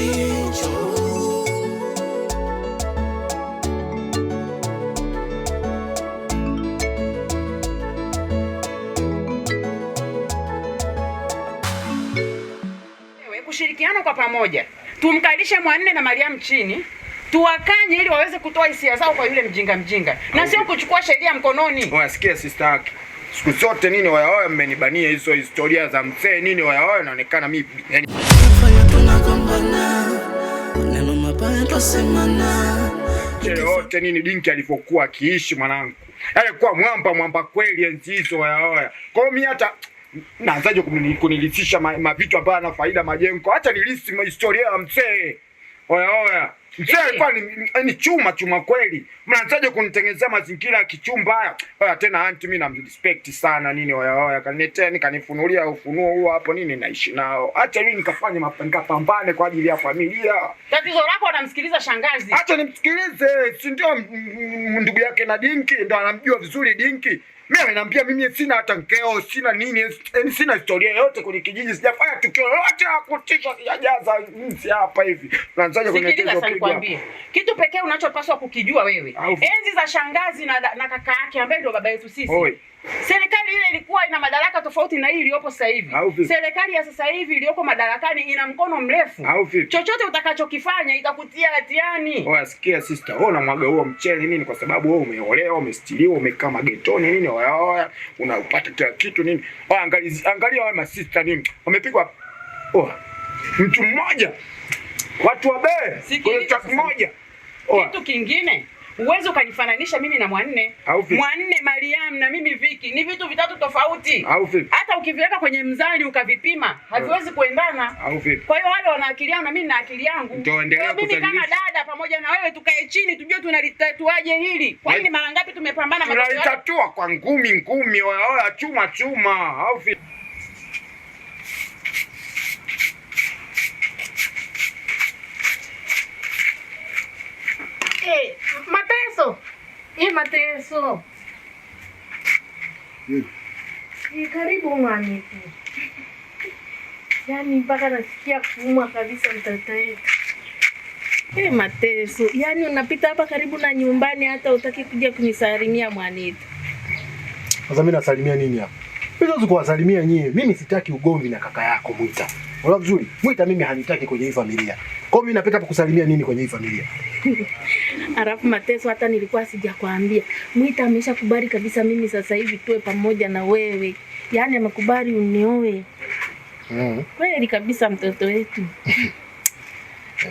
jicho ushirikiano kwa pamoja tumkalishe Mwanne na Mariamu chini tuwakanye ili waweze kutoa hisia zao kwa yule mjinga mjinga, na sio kuchukua sheria mkononi. Unasikia sister yake siku zote nini, wayaoya, mmenibania hizo historia za mzee nini, wayaoya, naonekana mimi yani yote nini Dinki alivyokuwa akiishi mwanangu, yaani kuwa mwamba mwamba kweli enzi hizo. Oyaoya, kwa hiyo mimi hata naanzaje kunilisisha mavitu ambayo ana faida majengo, hata nilisi historia ya mzee. Oyaoya Mzee eh, eh. alikuwa ni, ni chuma chuma kweli. Mnataja kunitengenezea mazingira ya kichumba haya? Haya tena anti mimi namrespect sana nini waya waya kaniletea nikanifunulia ufunuo huo hapo nini naishi nao. Acha mimi nikafanye mafanikio pambane kwa ajili ya familia. Tatizo lako anamsikiliza shangazi. Acha nimsikilize, si ndio ndugu yake na Dinki ndio anamjua vizuri Dinki. Mimi ameniambia mimi sina hata mkeo, sina nini, yani sina historia yote kwenye kijiji, sijafanya tukio lolote la kutisha, sijajaza msi hapa hivi. Unaanzaje kwenye hizo kitu? Kitu pekee unachopaswa kukijua wewe. Enzi za shangazi na, na kaka yake ambaye ndio baba yetu sisi. Serikali ile ilikuwa ina madaraka tofauti na hii iliyopo sasa hivi. Serikali ya sasa hivi iliyoko madarakani ina mkono mrefu. Chochote utakachokifanya itakutia hatiani. Oya, sikia sister, wewe unamwaga huo mchele nini kwa sababu wewe umeolewa, umestiliwa, umekaa magetoni nini, oya oya, unapata kila kitu nini? Oya, angalia angalia wale masista nini? Wamepigwa oya. Mtu mmoja. Watu wabe. Kitu kimoja. Kitu kingine. Uwezi ukanifananisha mimi na Mwanne. Mwanne, Mariam na mimi Viki ni vitu vitatu tofauti. Hata ukiviweka kwenye mzani ukavipima eh. haviwezi kuendana. Kwa hiyo wale wana akili yao na mimi na akili yangu. Mimi kama dada pamoja na wewe tukae chini tujue tunalitatuaje hili. Kwa nini yaani mara ngapi tumepambana? Tunalitatua kwa ngumi ngumi, wao chuma chuma. Au vipi? yake mateso i mateso i karibu mwani yaani mpaka nasikia kuumwa kabisa mtoto wetu. E, mateso yaani, unapita hapa karibu na nyumbani, hata utaki kuja kunisalimia mwanitu. Sasa mimi nasalimia nini hapa? Siwezi kuwasalimia nyie. Mimi sitaki ugomvi na kaka yako Mwita. Unaona vizuri? Mwita mimi hanitaki kwenye hii familia. Kwa hiyo mimi napita hapa kusalimia nini kwenye hii familia? Alafu mateso, hata nilikuwa sijakwambia, Mwita amesha kubali kabisa, mimi sasa hivi tuwe pamoja na wewe, yaani amekubali unioe. Mm. Kweli kabisa mtoto wetu.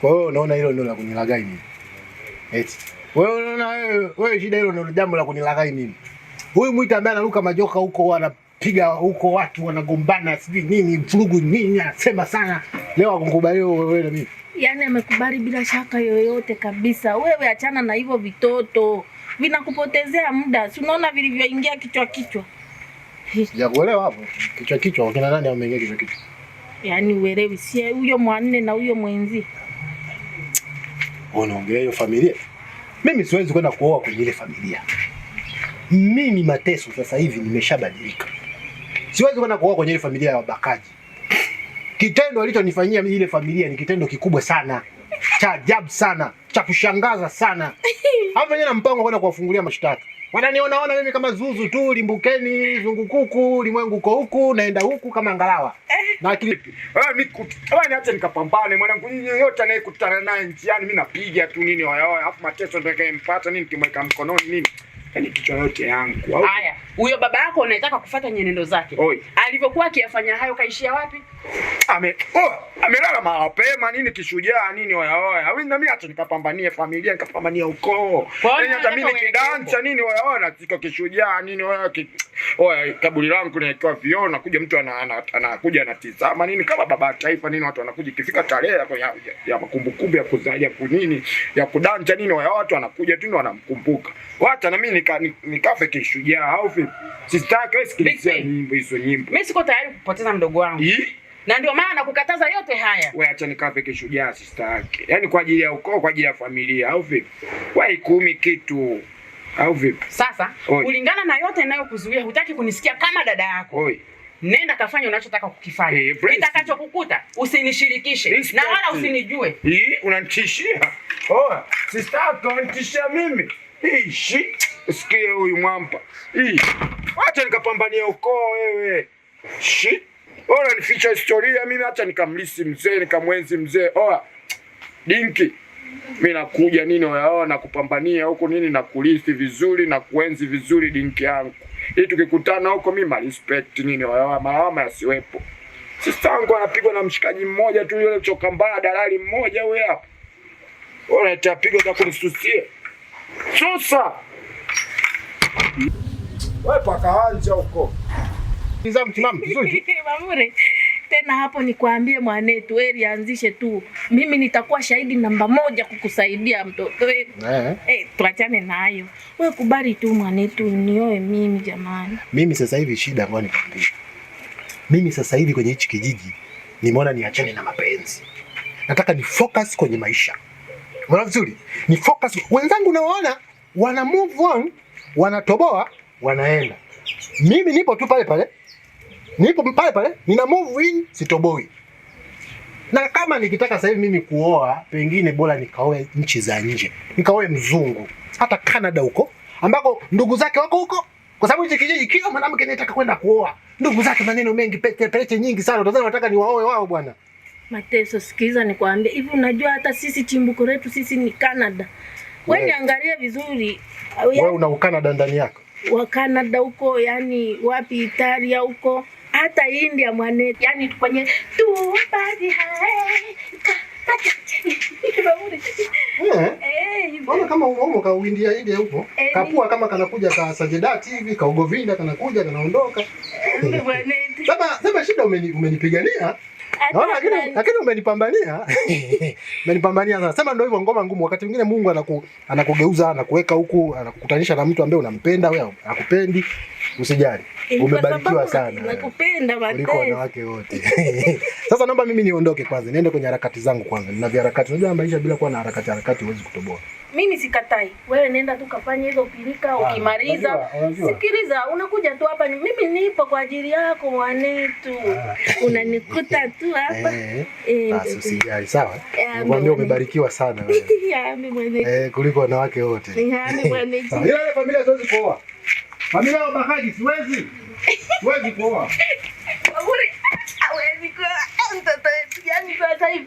Kwa hiyo unaona hilo ndio la kunilagai mimi. Eti. Wewe unaona wewe wewe shida hilo ndio jambo la kunilagai mimi. Huyu Mwita ambaye anaruka majoka huko wanapiga huko watu wanagombana sijui nini vurugu nini anasema sana. Leo akukubalia wewe na mimi yani amekubali bila shaka yoyote kabisa. Wewe achana na hivyo vitoto, vinakupotezea muda. Si unaona vilivyoingia kichwa kichwa. Sijakuelewa hapo. Kichwa kichwa kina nani ameingia kichwa kichwa? Yaani uelewi, si huyo mwanne na huyo mwenzi. Unaongelea hiyo familia. Mimi siwezi kwenda kuoa kwenye ile familia. Mimi Mateso sasa hivi nimeshabadilika. Siwezi kwenda kuoa kwenye ile familia ya wabakaji. Kitendo alichonifanyia mimi ile familia ni kitendo kikubwa sana cha ajabu sana cha kushangaza sana. Hapo wenyewe na mpango kwenda kuwafungulia mashtaka. Wananiona ona mimi kama zuzu tu, limbukeni zungukuku, limwengu uko huku, naenda huku kama ngalawa. Eh. Na akili wewe eh, mimi wewe niache nikapambane mwanangu, nyinyi yote anayekutana naye njiani mimi napiga tu nini waya waya, afu mateso ndio yakaempata nini kimweka mkononi nini. Yaani kichwa yote yangu. Haya, huyo baba yako unataka kufuata nyenendo zake. Alivyokuwa akiyafanya hayo kaishia wapi? ame oh, amelala mapema nini, kishujaa nini, oya oya, wewe na mimi acha nikapambanie familia nikapambanie ukoo, yani yaani hata mimi nikidansa nini, oya oya, natiko kishujaa nini, oya oya, kaburi langu naikiwa vioo, nakuja mtu anakuja anatizama nini, kama baba taifa nini, watu wanakuja, ikifika tarehe ya ya, ya makumbukumbu ya kuzaja kunini ya kudansa nini, oya, watu wanakuja tu wanamkumbuka, wacha na mimi nika, nikafe kishujaa au vipi? Sitaki wewe sikilizia nyimbo hizo nyimbo, mimi siko tayari kupoteza mdogo wangu na ndio maana kukataza yote haya. Wewe acha nikaa peke shujaa sister yake, yaani kwa ajili ya ukoo, kwa ajili ya familia, au vipi? Wai ikumi kitu au vipi? Sasa Oi. kulingana na yote ninayokuzuia, hutaki kunisikia kama dada yako Oi. Nenda kafanya unachotaka kukifanya. Hey, eh, usinishirikishe na wala usinijue. Hii unanitishia? Oh, sister yako unanitishia mimi. Ishi. Sikie huyu mwampa. Hii. Acha nikapambania ukoo wewe. Shit nificha historia mimi, hata nikamlisi mzee nikamwenzi mzee. Oa dinki, mimi nakuja nini, oa nakupambania huko nini, nakulisi vizuri na kuenzi vizuri dinki yangu, hii. tukikutana huko mimi ma respect nini, oa mawama yasiwepo. Sista wangu anapigwa na mshikaji mmoja tu yule choka mbaya, dalali mmoja huyo hapo, unaita pigo za kunisusia susa wewe paka pakaanja huko tena hapo nikwambie, mwanetu eri anzishe tu, mimi nitakuwa shahidi namba moja kukusaidia mtoto wetu eh. Eh, tuachane nayo wewe, kubali tu mwanetu, nioe mimi jamani. Mimi sasa hivi shida ambayo nikwambie, mimi sasa hivi kwenye hichi kijiji nimeona niachane na mapenzi, nataka ni focus kwenye maisha. Unaona vizuri, ni focus. Wenzangu naona wana move on, wanatoboa, wanaenda, mimi nipo tu pale pale nipo pale pale, eh? nina move in, sitoboi. Na kama nikitaka sasa hivi mimi kuoa, pengine bora nikaoe nchi za nje, nikaoe mzungu, hata Canada huko ambako ndugu zake wako huko, kwa sababu hicho kijiji kio mwanamke anataka kwenda kuoa, ndugu zake maneno mengi, pete pete nyingi sana, utazana nataka ni waoe wao bwana. Mateso, sikiza nikwambie hivi, unajua hata sisi chimbuko letu sisi ni Canada. Wewe niangalie vizuri, wewe una Canada ndani yako wa Canada huko, yani wapi Italia huko hata India mwanetu, yani kwenye tu basi hai Mbona eh, eh, kama umo ka India India huko? Eh, Kapua kama kanakuja ka Sajedati hivi, ka Ugovinda kanakuja kanaondoka. Sasa sasa shida umenipigania. Naona lakini lakini umenipambania. Umenipambania sana. Sema ndio hivyo ngoma ngumu wakati mwingine Mungu anaku anakugeuza, anakuweka huku, anakukutanisha na mtu ambaye unampenda, wewe hakupendi. Usijali, umebarikiwa sana, nakupenda kuliko wanawake wote. Sasa naomba mimi niondoke kwanza, niende kwenye harakati zangu kwanza. Nina viharakati, unajua maisha bila kuwa na harakati, harakati huwezi kutoboa. Mimi sikatai, wewe nenda tu kafanye hizo pilika. Ukimaliza sikiliza, unakuja tu hapa. Mimi nipo kwa ajili yako mwanetu, ah. unanikuta tu hapa. Eh. eh Basi usijali, sawa? Eh, Nikwambia umebarikiwa sana wewe yaani Eh, kuliko wanawake wote. Ni hani Familia zoezi poa Familia ya Bakaji siwezi. Siwezi kuoa. Hawezi kuoa mtoto wetu yani kwa taifa.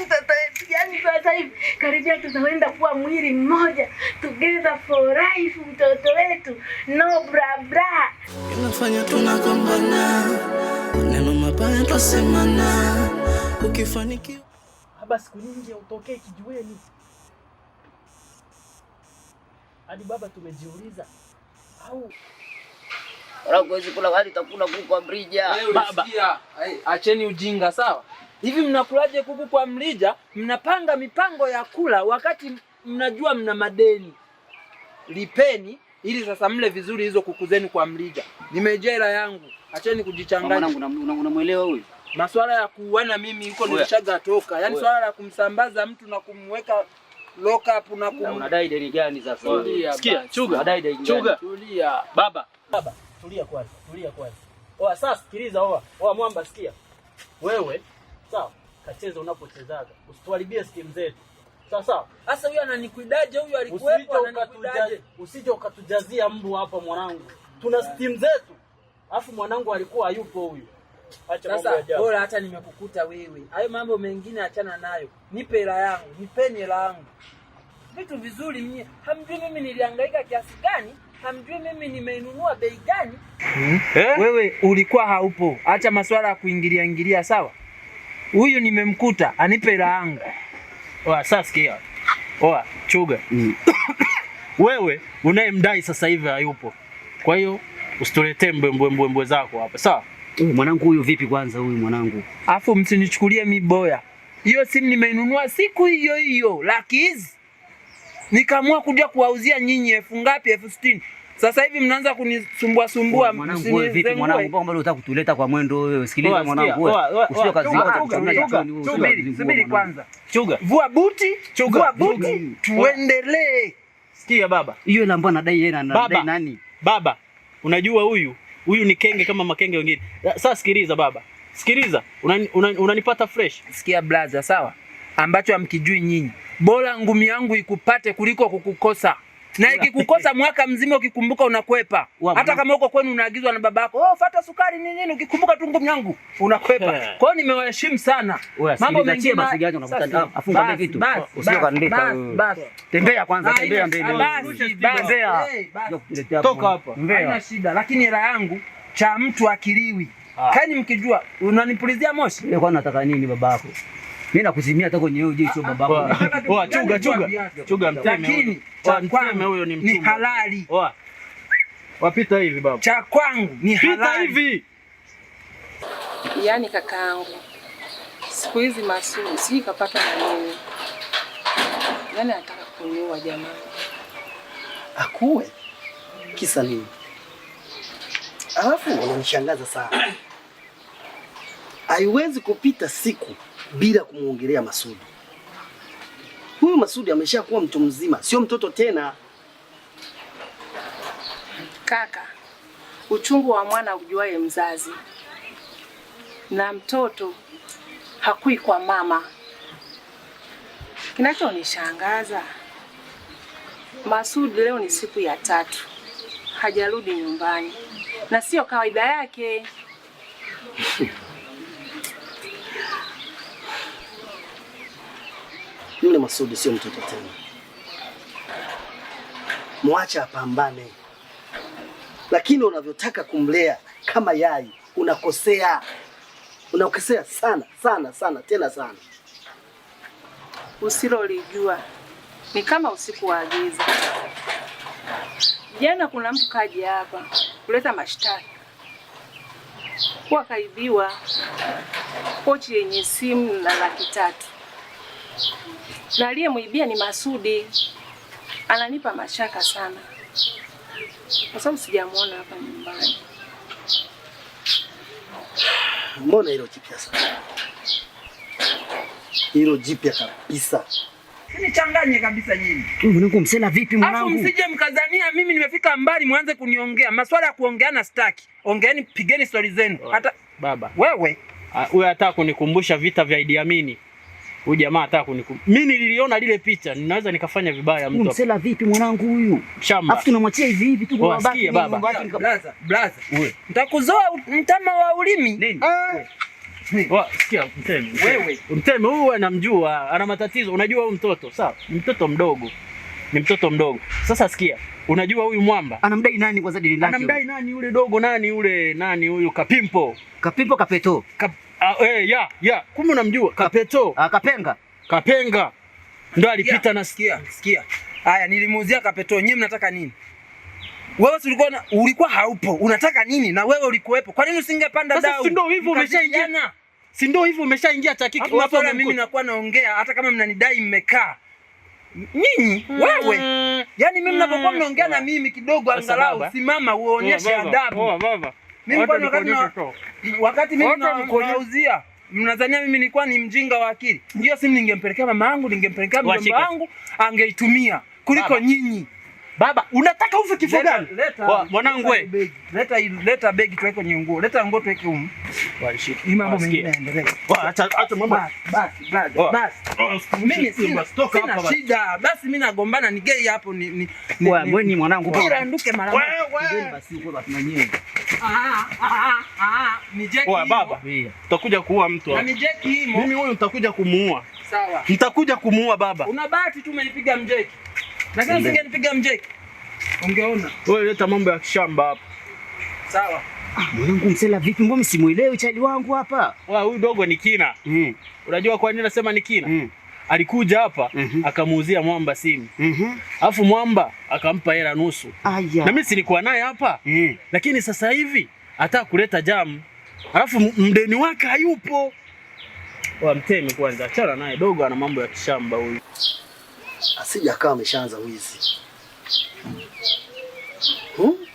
Mtoto wetu yani kwa taifa. Karibia tutaenda kuwa mwili mmoja. Together for life mtoto wetu. No bra bra. Inafanya tunakombana. Neno mabaya twasemana. Ukifanikiwa baba, siku nyingi utokee kijiweni. Hadi baba tumejiuliza au wezi kula wali utakula kuku kwa mrija. Baba, acheni ujinga sawa. Hivi mnakulaje kuku kwa mrija? Mnapanga mipango ya kula wakati mnajua mna madeni. Lipeni ili sasa mle vizuri hizo kuku zenu kwa mrija. Nimejela yangu, acheni kujichanganya. Unamwelewa huyu? maswala ya kuuana mimi huko nilishaga toka. Yaani swala la kumsambaza mtu na kumweka lock up na kum... unadai deni gani sasa? Sikia, chuga. Unadai deni chuga. Tulia. Baba. Baba, tulia kwanza. Tulia kwanza. Oa sasa sikiliza oa. Oa mwamba sikia. Wewe, sawa? Kacheza unapochezaga. Usituharibie stimu zetu. Sawa sawa. Sasa huyu ananikuidaje huyu alikuwepo ananikuidaje? Usije ukatujazia mbu hapa mwanangu. Tuna stimu zetu. afu mwanangu alikuwa hayupo huyu. Sasa bora hata nimekukuta wewe, hayo mambo mengine achana nayo, nipe hela yangu, nipeni hela yangu, vitu vizuri. Mimi hamjui mimi nilihangaika kiasi gani, hamjui mimi nimeinunua bei gani. hmm. eh? Wewe ulikuwa haupo, acha maswala ya kuingilia ingilia, sawa? Huyu nimemkuta, anipe hela yangu. Oa, sasa sikia. Oa, chuga mm. Wewe unayemdai sasa hivi hayupo, kwa hiyo usituletee mbwe zako hapa, sawa? mwanangu huyu vipi kwanza, huyu mwanangu. Alafu msinichukulie miboya, hiyo simu nimeinunua siku hiyo hiyo laki hizi, nikaamua kuja kuwauzia nyinyi elfu ngapi? elfu sitini. Sasa hivi mnaanza kunisumbua sumbua. Mwanangu wewe vipi mwanangu, mbona unataka kutuleta kwa mwendo wewe? Sikiliza mwanangu wewe. Usio kazi yako subiri, subiri kwanza. Chuga. Vua buti, chuga. Vua buti tuendelee. Sikia baba. Hiyo ile ambayo anadai yeye anadai nani? Baba, unajua huyu huyu ni kenge kama makenge wengine. Sasa sikiliza baba, sikiliza, unanipata una, una fresh. Sikia blaza, sawa, ambacho hamkijui nyinyi, bora ngumi yangu ikupate kuliko kukukosa na ikikukosa mwaka mzima, ukikumbuka unakwepa. Hata kama uko kwenu unaagizwa na babako, oh, fata sukari ni nini, ukikumbuka tu ngumu yangu unakwepa. Kwa hiyo nimewaheshimu sana. Mambo mengine basi, ah, afunga vitu oh, usiokandika, tembea kwanza, tembea mbele, tembea toka hapa, haina shida, lakini hela yangu cha mtu akiliwi. Ah. Kani mkijua unanipulizia moshi, Kwa nini nataka nini babako mimi nakuzimia hata kwenye hiyo jicho baba yangu. Oa chuga chuga. Chuga mteme. Lakini cha kwangu huyo ni mtume. Ni halali. Oa. Wapita hivi baba. Cha kwangu ni halali. Pita hivi. Yaani kakaangu. Siku hizi masuri si kapata na nini. Yaani anataka kuniua jamani. Akuwe. Kisa nini? Alafu unanishangaza sana. Haiwezi kupita siku bila kumuongelea Masudi. Huyu Masudi ameshakuwa mtu mzima, sio mtoto tena. Kaka, uchungu wa mwana ujuaye mzazi, na mtoto hakui kwa mama. Kinachonishangaza Masudi leo ni siku ya tatu hajarudi nyumbani, na sio kawaida yake yule Masudi sio mtoto tena, mwache apambane. Lakini unavyotaka kumlea kama yai, unakosea, unakosea sana sana sana tena sana. Usilolijua ni kama usiku wa giza. Jana kuna mtu kaja hapa kuleta mashtaka kuwa kaibiwa pochi yenye simu na laki tatu na aliyemwibia ni Masudi. Ananipa mashaka sana kwa sababu sijamwona hapa nyumbani. Mbona hilo jipya sana, hilo jipya kabisa. Nichanganye kabisa nyinyi. Mungu msela vipi mwanangu? Afu msije mkazania mimi nimefika mbali mwanze kuniongea. Maswala ya kuongeana sitaki. Ongeeni, pigeni stori zenu. Hata baba. Wewe, ah, huyo uh, anataka kunikumbusha vita vya Idi Amini. Huyu jamaa anataka kuniku. Mimi nililiona lile picha, ninaweza nikafanya vibaya mtu. Msela vipi mwanangu huyu? Shamba. Afu tunamwachia hivi hivi tu kwa babaki. Blaza, blaza. Nitakuzoa mtama wa ulimi. Nini? Ah. Wa, sikia mteme. Wewe. Mteme huyu anamjua, ana matatizo. Unajua huyu mtoto, sawa? Ni mtoto mdogo. Ni mtoto mdogo. Sasa sikia, unajua huyu mwamba anamdai nani kwa zadili lake? Anamdai nani yule dogo nani yule nani huyu Kapimpo? Kapimpo kapeto. Kap Ah, eh, ya, ya. Kumbe unamjua Kapeto? Ah, Kapenga. Kapenga. Ndio alipita na sikia. Sikia. Haya, nilimuuzia Kapeto. Nyinyi mnataka nini? Wewe ulikuwa na, ulikuwa haupo. Unataka nini? Na wewe ulikuwepo. Kwa nini usingepanda dau? Sasa ndio hivyo umeshaingia. Si ndio hivyo umeshaingia takiki. hapo na mimi nakuwa naongea hata kama mnanidai mmekaa. Nyinyi mm, wewe. yani, mimi mm. mnapokuwa hmm. mnaongea na mimi kidogo angalau simama uonyeshe adabu. Baba, mimi kwa wakati na, wakati mimi nakujauzia mnadhania mimi nilikuwa ni mjinga wa akili. Hiyo simu ningempelekea mama yangu, ningempelekea mjomba wangu, angeitumia kuliko nyinyi. Baba, unataka ufe kifo gani? Mwanangu wewe. Leta leta begi tuweke kwenye nguo. Leta nguo tuweke huko. Hii mambo mengine yaendelee. Acha acha mama. Basi bas, bas. Mimi sina stoka hapa Sina Shida. Bas mimi nagombana ni gei hapo ni ni. Wewe mwenye mwanangu bora. Wewe mara moja. Wewe basi uko basi mwenyewe. Ah ah, ah ah ah. Ni jeki. Wewe baba. Utakuja kuua mtu hapa. Na ni jeki himo. Mimi huyu nitakuja kumuua. Sawa. Nitakuja kumuua baba. Una bahati tu umenipiga mjeki. Lakini usingenipiga mjeki. Ungeona. Wewe leta mambo ya kishamba hapa. Sawa. Ah, mwanangu msela vipi? Mbona simuelewi chali wangu hapa? Wa huyu dogo ni kina. Mm. Unajua kwa nini nasema ni kina? Mm. Alikuja hapa mm -hmm. Akamuuzia Mwamba simu mm alafu -hmm. Mwamba akampa hela nusu. Aya. Na mimi silikuwa naye hapa mm. Lakini sasa hivi hata kuleta jamu, alafu mdeni wake hayupo. Wa mteme kwanza, achana naye, dogo ana mambo ya kishamba huyu asija akawa ameshaanza wizi hmm?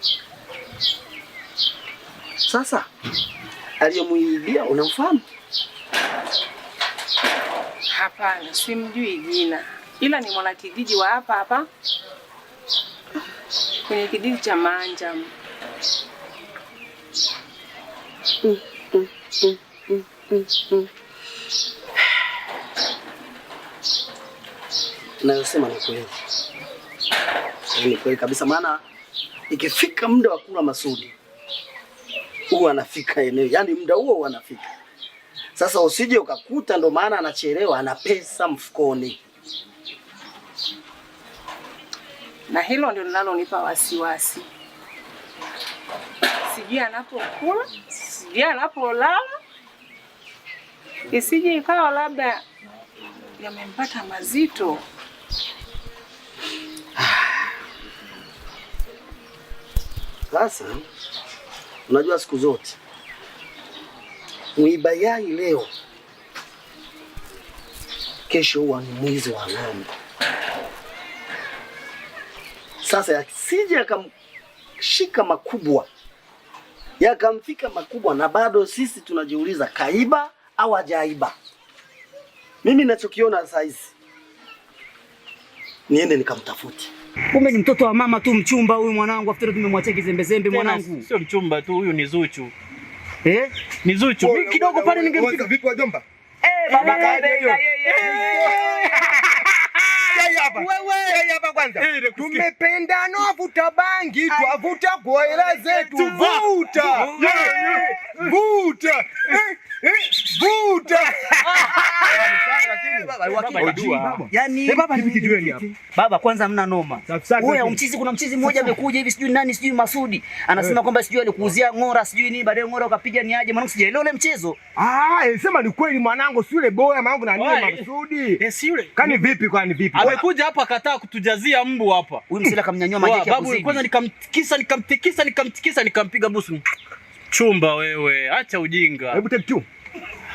Sasa aliyomuibia unamfahamu? Hapana, simjui jina, ila ni mwanakijiji wa hapa hapa kwenye kijiji cha Manja. mm, mm, mm, mm, mm. Ninayosema ni kweli, ni kweli kabisa, maana ikifika muda wa kula Masudi huwa anafika eneo, yaani muda huo huwa anafika. Sasa usije ukakuta ndo maana anachelewa, ana pesa mfukoni, na hilo ndio linalonipa wasiwasi. Sijui anapokula, sijui anapolala, isije ikawa labda yamempata mazito. Sasa unajua siku zote mwiba yai leo, kesho huwa ni mwizi wa ng'ombe. Sasa yasije yakamshika makubwa, yakamfika makubwa, na bado sisi tunajiuliza kaiba au hajaiba. Mimi nachokiona saa hizi niende nikamtafuti Kumbe ni mtoto wa mama tu, mchumba huyu mwanangu, afutere tumemwachia kizembezembe mwanangu. Sio mchumba tu huyu, ni Zuchu. Eh? Ni Zuchu. Mimi kidogo pale ningempiga. Vipi wajomba? Eh, baba kaje na vuta bangi, twavuta kwa hela zetu, vuta vuta eh, eh, Buta. Yaani, eh, baba, kwanza mna noma. Huyu mchizi, kuna mchizi mmoja amekuja hivi sijui nani sijui Masudi anasema eh. kwamba sijui alikuuzia ngora sijui nini, baadaye ngora ukapiga ni aje mwanangu, sijaelewa ule mchezo. Ah, sema ni kweli mwanangu, si yule boya mwanangu na nini Masudi. Yes, eh, yule. Kani vipi kwani vipi? Amekuja hapa akataa kutujazia mbu hapa. Huyu msela kamnyanyua majeki ya kuzidi. Babu, kwanza nikamtikisa nikamtikisa nikamtikisa nikampiga busu. Chumba wewe, acha ujinga. Hebu take two.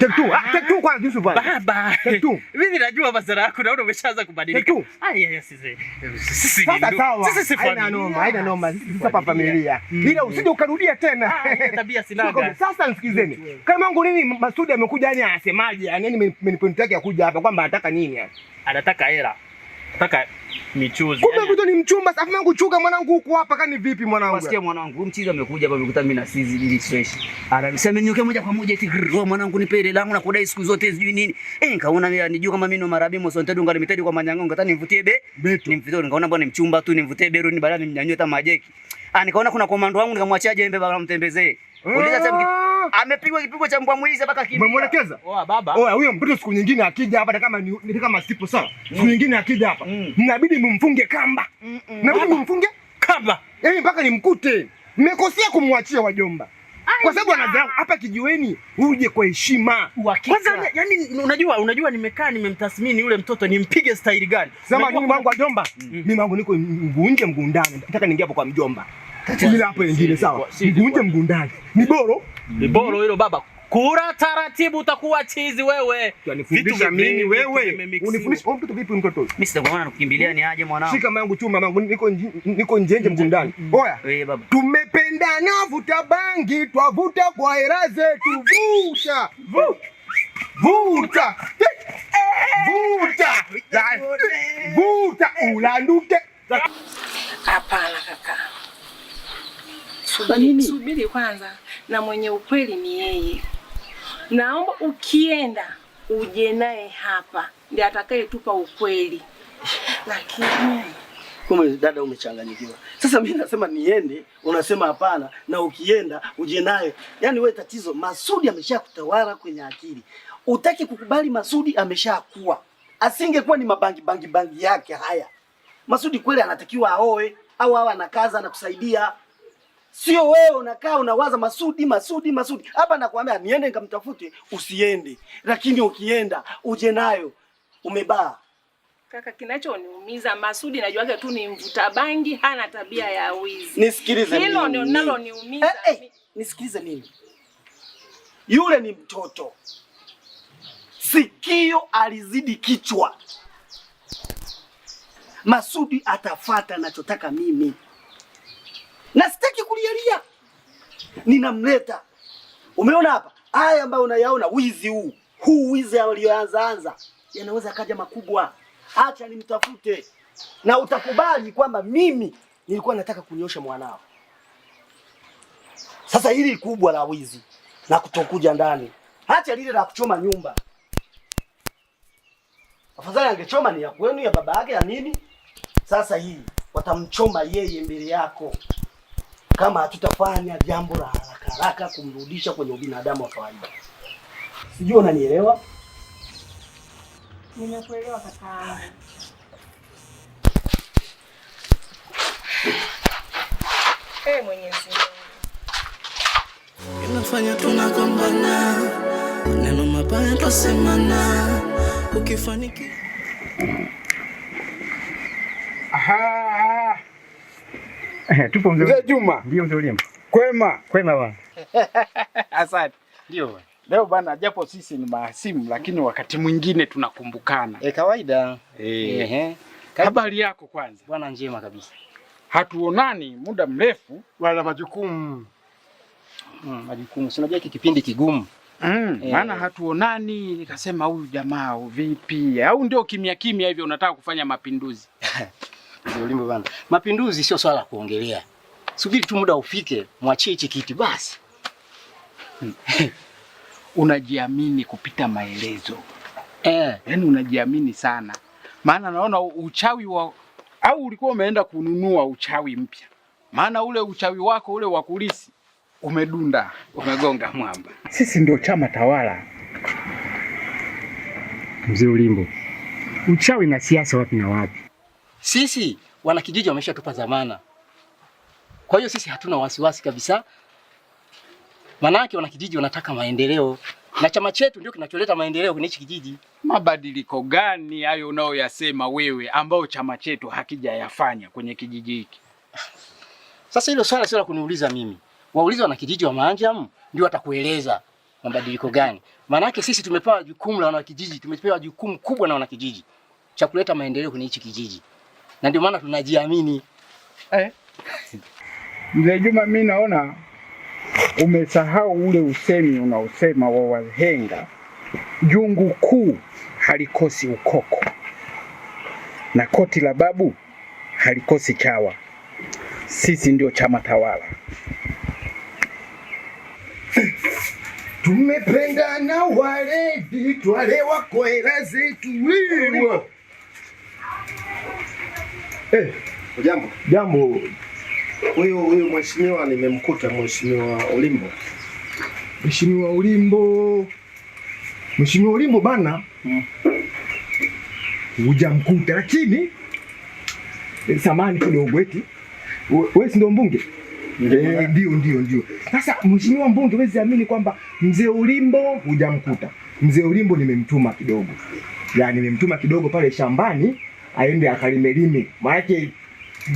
Take two. Ah, take two kwanza Yusuf bana. Baba. Take two. Mimi najua basara yako na umeshaanza kubadilika. Take two. Ai Haya sisi. Sisi sisi si haina noma, haina noma. Sisi hapa familia. Bila mm. usije ukarudia tena. Tabia sinaga. Sasa nisikizeni. Kama yangu nini Masudi amekuja yani anasemaje? Yaani mimi point yake kuja hapa kwamba anataka nini Anataka hela. Anataka michuzi. Kumbe kuja ni mchumba safi mwanangu chuka mwanangu huko hapa kani vipi mwanangu? Nasikia mwanangu mchizi amekuja hapa amekuta mimi na sizi ili fresh. Anasema ninyokea moja kwa moja eti roho mwanangu nipe ile langu na kudai siku zote sijui nini. Eh, nikaona mimi anijua kama mimi marabi mso ntedu ngale mitedi kwa manyango ngata nimvutie be. Nimvutie nikaona bwana mchumba tu nimvutie be runi badala nimnyanyue hata majeki. Ah, nikaona kuna komando wangu nikamwachia jembe baba mtembezee. Ah! amepigwa kipigo cha mbwa mwizi mpaka kimya. Umemwelekeza? Oa oh, ah, baba. Oa oh, huyo mtoto siku nyingine akija hapa na kama ni kama sipo sawa. Siku mm. nyingine akija hapa. Mm. Mnabidi mumfunge kamba. Mm, mnabidi mumfunge kamba. Yaani mpaka nimkute. Mmekosea kumwachia wajomba. Kwa sababu anadharau hapa kijiweni, uje kwa heshima. Kwanza yani, unajua unajua, nimekaa nimemtathmini yule mtoto, nimpige staili gani? Sema mimi wangu wajomba, mimi wangu niko mguu nje Nataka niingie hapo kwa mjomba. Bila hapo nyingine sawa. Mgunje mgundani. Ni boro. Mm-hmm. Ni boro hilo baba. Kura taratibu utakuwa chizi wewe. Unifundisha mimi wewe. Unifundisha kwa mtoto vipi mtoto? Mimi sitakwambia nakukimbilia ni aje mwanangu. Shika mayangu chuma mayangu niko niko njenje mgundani. Mm-hmm. Oya. Eh baba. Tumependana vuta bangi twavuta kwa hera zetu vuta. Vuta. Vuta. Vuta. Vuta ulanduke. Hapana kaka. Subiri, subiri kwanza, na mwenye ukweli ni yeye. Naomba ukienda uje naye hapa, ndiye atakayetupa ukweli. Lakini kumbe dada, umechanganyikiwa sasa. Mimi nasema niende, unasema hapana, na ukienda uje naye. Yaani wewe tatizo, Masudi ameshakutawala kwenye akili, utaki kukubali. Masudi ameshakuwa, asingekuwa ni mabangi bangi bangi yake haya. Masudi kweli anatakiwa aoe au awa anakaza na kusaidia Sio wewe unakaa unawaza Masudi, Masudi, Masudi. Hapa nakwambia niende nikamtafute, usiende. Lakini ukienda uje nayo umebaa. Kaka, kinachoniumiza Masudi najua yake tu ni mvuta bangi, hana tabia ya wizi. Nisikilize. Hilo ndio linaloniumiza. Eh, eh, nisikilize mimi. Yule ni mtoto. Sikio alizidi kichwa. Masudi atafata anachotaka mimi na sitaki kulialia, ninamleta. Umeona hapa haya ambayo unayaona, wizi huu huu, wizi aliyoanzaanza yanaweza kaja makubwa. Acha nimtafute, na utakubali kwamba mimi nilikuwa nataka kunyosha mwanao. Sasa hili kubwa la wizi na kutokuja ndani, acha lile la kuchoma nyumba. Afadhali angechoma ni ya kwenu, ya baba yake, ya nini. Sasa hii watamchoma yeye mbele yako kama hatutafanya jambo la haraka haraka kumrudisha kwenye ubinadamu wa kawaida. Sijui unanielewa? Nimekuelewa kaka. Hey, eh, Mwenyezi Mungu. Inafanya tunagombana. Neno mabaya twasemana. Ukifanikiwa. Aha. Eh, tupo mzee Juma. Ndio mzuri. Kwema. Kwema bwana. Asante. Ndio bwana. Leo bwana, japo sisi ni mahasimu lakini wakati mwingine tunakumbukana. Eh, kawaida. Eh. Habari yako kwanza? Bwana, njema kabisa. Hatuonani muda mrefu wala majukumu. Mm, majukumu. Si unajua kipindi kigumu. Mm, eh. Maana hatuonani nikasema huyu jamaa vipi? Au ndio kimya kimya hivyo unataka kufanya mapinduzi? Mlimbo bana, mapinduzi sio swala la kuongelea. Subiri tu muda ufike, mwachie hichi kiti basi. Unajiamini kupita maelezo eh, Yani unajiamini sana, maana naona uchawi wa au ulikuwa umeenda kununua uchawi mpya, maana ule uchawi wako ule wa kulisi umedunda, umegonga mwamba. Sisi ndio chama tawala, mzee Ulimbo. Uchawi na siasa wapi na wapi? Sisi wanakijiji wameshatupa dhamana, kwa hiyo sisi hatuna wasiwasi kabisa, manake wanakijiji wanataka maendeleo na chama chetu ndio kinacholeta maendeleo kwenye hichi kijiji. Mabadiliko gani hayo unayoyasema wewe, ambayo chama chetu hakijayafanya kwenye kijiji hiki? Sasa hilo swala sio la kuniuliza mimi, waulize wanakijiji wa Manjamu ndio watakueleza mabadiliko gani, maanake sisi tumepewa jukumu la wanakijiji, tumepewa jukumu kubwa na wanakijiji cha kuleta maendeleo kwenye hichi kijiji na ndio maana tunajiamini eh. Mzee Juma, mimi naona umesahau ule usemi unaosema wa wahenga, jungu kuu halikosi ukoko na koti la babu halikosi chawa. Sisi ndio chama tawala. Tumependana wale vitwale wakoela zetu wiwa Eh, jambo. Jambo. Huyu huyu mheshimiwa nimemkuta mheshimiwa Ulimbo. Mheshimiwa Ulimbo. Mheshimiwa Ulimbo bana. Mm. Hujamkuta lakini eh, samani kidogo eti wewe si ndio mbunge? Eh, ndio ndio ndio. Sasa mheshimiwa mbunge, wezi amini kwamba mzee Ulimbo hujamkuta. Mzee Ulimbo nimemtuma kidogo. Yaani nimemtuma kidogo pale shambani aende akalimelime, maanake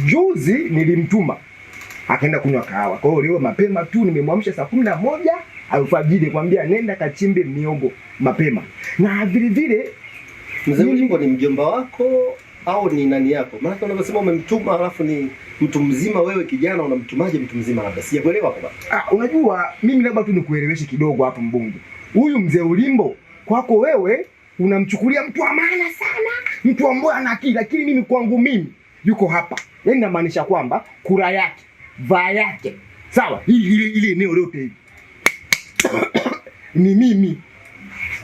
juzi nilimtuma akaenda kunywa kahawa. Kwa hiyo leo mapema tu nimemwamsha saa kumi na moja alfajiri kwambia nenda kachimbe miogo mapema. Na vile vile mzee Mjomba ni mjomba wako au ni nani yako? Maana unavyosema umemtuma alafu ni mtu mzima wewe kijana unamtumaje mtu mzima labda? Sijakuelewa kwa Ah, unajua mimi labda tu nikueleweshe kidogo hapo mbunge. Huyu mzee Ulimbo kwako wewe unamchukulia mtu wa maana sana, mtu ambaye ana akili. Lakini mimi kwangu mimi yuko hapa, yaani namaanisha kwamba kura yake, vaa yake, sawa, ili eneo lote hili ni mimi.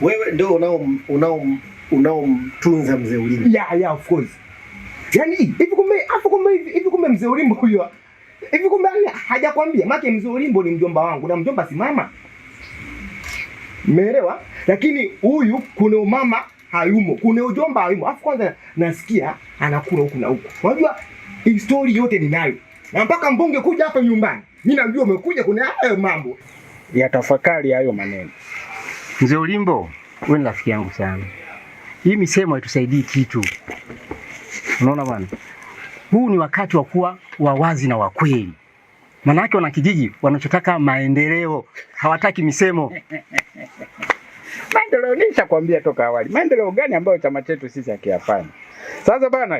Wewe ndio unao unao unaomtunza mzee Ulimbo. Yeah, yeah, of course. Yaani hivi kumbe afu kumbe hivi kumbe mzee Ulimbo huyo. Hivi kumbe hajakwambia, maana mzee Ulimbo ni mjomba wangu na mjomba simama Umeelewa? Lakini huyu kuna umama hayumo, kuna ujomba hayumo. Afu kwanza nasikia anakula huku na huku. Unajua historia yote ninayo. Na mpaka mbunge kuja hapa nyumbani. Mimi najua umekuja kuna hayo mambo. Ya tafakari hayo maneno. Mzee Ulimbo, wewe ni rafiki yangu sana. Hii misemo haitusaidii kitu. Unaona bwana? Huu ni wakati wa kuwa wawazi na wakweli. Manake kijiji wanachotaka maendeleo, hawataki misemo. Maendeleo nishakwambia toka awali, maendeleo gani ambayo chama chetu sisi hakiyafanya? Sasa bana,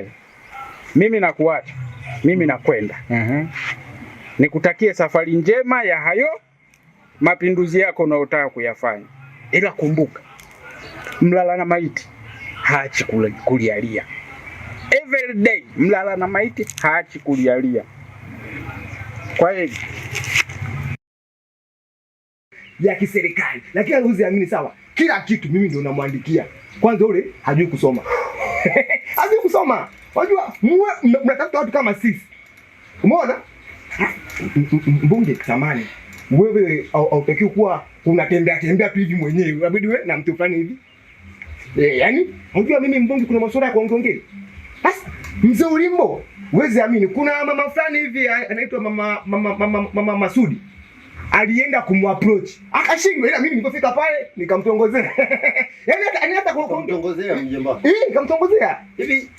mimi nakuacha, mimi nakwenda. mm -hmm. Nikutakie safari njema ya hayo mapinduzi yako unayotaka kuyafanya, ila kumbuka, mlala na maiti haachi kulialia. Every day mlala na maiti haachi kulialia kwa hiyo ya kiserikali, lakini amini Sawa, kila kitu mimi ndio namwandikia. Kwanza ule hajui kusoma hajui kusoma. Unajua mnatafuta watu kama sisi, umeona mbunge tamani Wewe hautaki kuwa unatembea tembea tu hivi mwenyewe, unabidi wewe na mtu fulani hivi eh, yani unajua mimi mbunge, kuna masuala ya kuongeongea. Basi mzee Ulimbo Huwezi amini, kuna mama fulani hivi anaitwa mama mama, mama, mama Masudi alienda kumapproach akashindwa, ila mimi nilipofika pale nikamtongozea yani hata ni yaani hata kumtongozea mjomba eh, nikamtongozea hivi.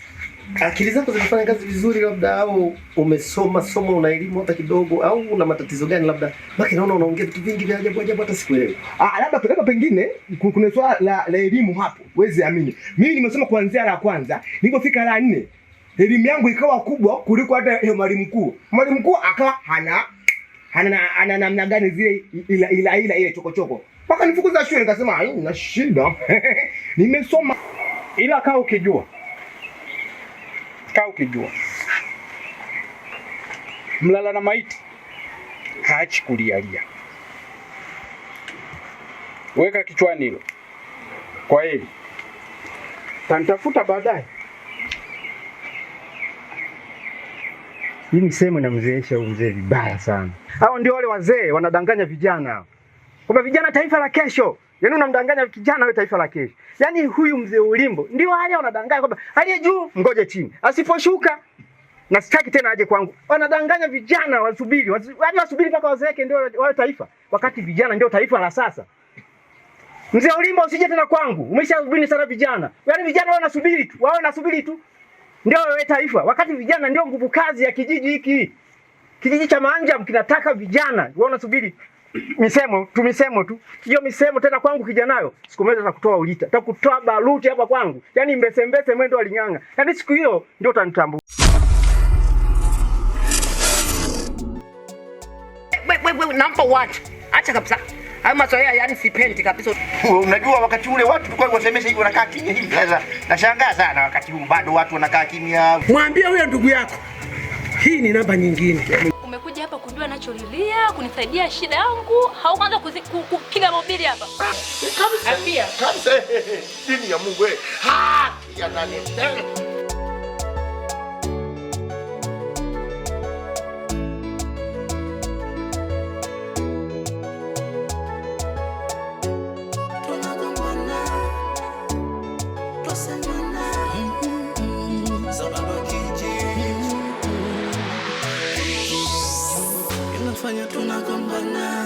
Akili zako zinafanya kazi vizuri, labda au umesoma somo, una elimu hata kidogo, au una matatizo gani? Labda baki naona unaongea vitu vingi vya ajabu ajabu, hata sikuelewi. Ah, labda labda pengine kuna swala la, la elimu hapo. Huwezi amini, mimi nimesoma kuanzia la kwanza nilipofika la nne elimu yangu ikawa kubwa kuliko hata mwalimu mkuu. Mwalimu mkuu akawa hana ana namna gani zile ila ila ila ile chokochoko mpaka nifukuza shule, nikasema na shida nimesoma. Ila kaa ukijua, kaa ukijua mlala na maiti haachi kulialia. Weka kichwani hilo kwa heli, tantafuta baadaye. Hii ni sehemu inamzeesha huyu mzee vibaya sana. Hao ndio wale wazee wanadanganya vijana, kwamba vijana taifa la kesho. Yaani unamdanganya kijana wewe taifa la kesho. Yaani huyu mzee Ulimbo ndio wale wanadanganya kwamba aliye juu ngoje chini, asiposhuka na sitaki tena aje kwangu. Wanadanganya vijana wasubiri, yaani wasubiri mpaka wazeeke ndio wao taifa, wakati vijana ndio taifa la sasa. Mzee Ulimbo usije tena kwangu. Umeshasubiri sana vijana. Yaani vijana wanasubiri tu, wao wanasubiri tu ndio wewe taifa, wakati vijana ndio nguvu kazi ya kijiji hiki. Kijiji cha Manjam kinataka vijana. Wewe unasubiri misemo tu, misemo tu, hiyo misemo tena. Kwangu kijanayo, siku moja nitakutoa ulita, nitakutoa baruti hapa kwangu, yaani mbese mbese mwendo alinyanga, yaani siku hiyo ndio utanitambua. Wewe nampa acha kabisa ama soea, yani sipendi kabisa. Unajua wakati ule watu tulikuwa wasemesha hivi wanakaa kimya hivi. Sasa nashangaa sana wakati huu bado watu wanakaa kimya. Mwambie huyo ndugu yako hii ni namba nyingine. Umekuja hapa kujua nacholilia, kunisaidia shida yangu, kwanza kupiga mobili hapa kabisa kabisa. Dini ya Mungu eh, Ha! ya nani? now.